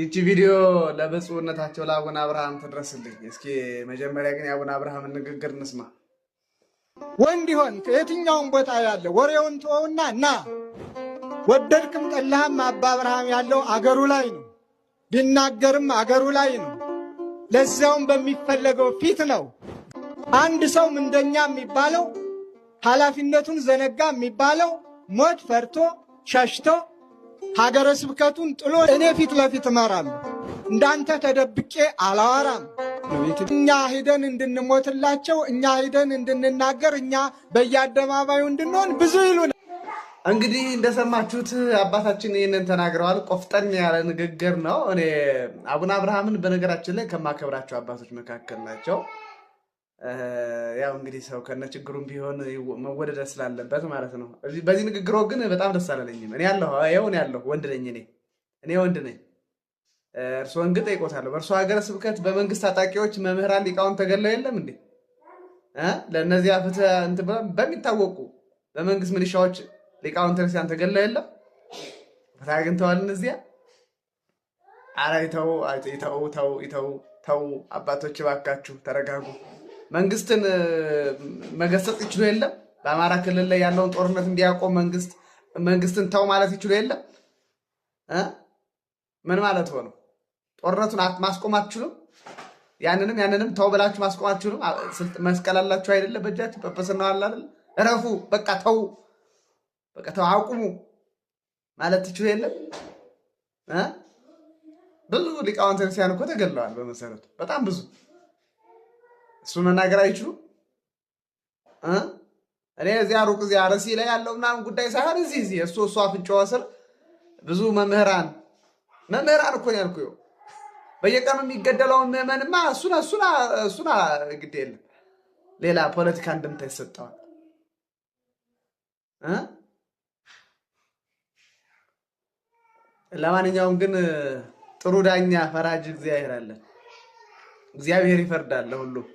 ይቺ ቪዲዮ ለብፁዕነታቸው ለአቡነ አብርሃም ትድረስልኝ። እስኪ መጀመሪያ ግን የአቡነ አብርሃምን ንግግር እንስማ። ወንድ ይሆን ከየትኛውም ቦታ ያለ ወሬውን ትወውና ና ወደድክም ጠላህም አባ አብርሃም ያለው አገሩ ላይ ነው። ቢናገርም አገሩ ላይ ነው። ለዚያውም በሚፈለገው ፊት ነው። አንድ ሰው ምንደኛ የሚባለው ኃላፊነቱን ዘነጋ የሚባለው ሞት ፈርቶ ሸሽቶ ሀገረ ስብከቱን ጥሎ እኔ ፊት ለፊት እመራለሁ። እንዳንተ ተደብቄ አላዋራም እኛ ሂደን እንድንሞትላቸው፣ እኛ ሂደን እንድንናገር፣ እኛ በየአደባባዩ እንድንሆን ብዙ ይሉ እንግዲህ እንደሰማችሁት አባታችን ይህንን ተናግረዋል። ቆፍጠን ያለ ንግግር ነው። እኔ አቡነ አብርሃምን በነገራችን ላይ ከማከብራቸው አባቶች መካከል ናቸው። ያው እንግዲህ ሰው ከነ ችግሩም ቢሆን መወደደ ስላለበት ማለት ነው። በዚህ ንግግሮ ግን በጣም ደስ አላለኝም። እኔ ያለሁ ያው ያለሁ ወንድ ነኝ። እኔ እኔ ወንድ ነኝ። እርስዎን ግን ጠይቆታለሁ። በእርሶ ሀገረ ስብከት በመንግስት ታጣቂዎች መምህራን ሊቃውን ተገለው የለም እንዴ? ለእነዚያ ፍትህ እንትን በሚታወቁ በመንግስት ምንሻዎች ሊቃውን ክርስቲያን ተገለው የለም? ፍትህ አግኝተዋል እነዚያ? ኧረ ይተው ይተው ተው አባቶች እባካችሁ ተረጋጉ። መንግስትን መገሰጽ ይችሉ የለም? በአማራ ክልል ላይ ያለውን ጦርነት እንዲያቆም መንግስት መንግስትን ተው ማለት ይችሉ የለም? ምን ማለት ሆነው ጦርነቱን ማስቆም አትችሉም? ያንንም ያንንም ተው ብላችሁ ማስቆም አትችሉም? መስቀል አላችሁ አይደለ? በእጃችሁ ነው አለ አይደለ? እረፉ፣ በቃ ተው፣ በቃ ተው፣ አቁሙ ማለት ትችሉ የለም? ብዙ ሊቃውንተ ክርስቲያን እኮ በመሰረቱ በጣም ብዙ እሱ መናገር አይችሉም። እኔ እዚያ ሩቅ እዚያ ረሲ ላይ ያለው ምናምን ጉዳይ ሳይሆን እዚህ እዚህ እሱ እሱ አፍንጫዋ ስር ብዙ መምህራን መምህራን እኮ ያልኩ በየቀኑ የሚገደለውን ምዕመንማ እሱና እሱና እሱና ግድ የለም ሌላ ፖለቲካ እንድምታ ይሰጠዋል። ለማንኛውም ግን ጥሩ ዳኛ ፈራጅ እግዚአብሔር አለን። እግዚአብሔር ይፈርዳል ለሁሉም።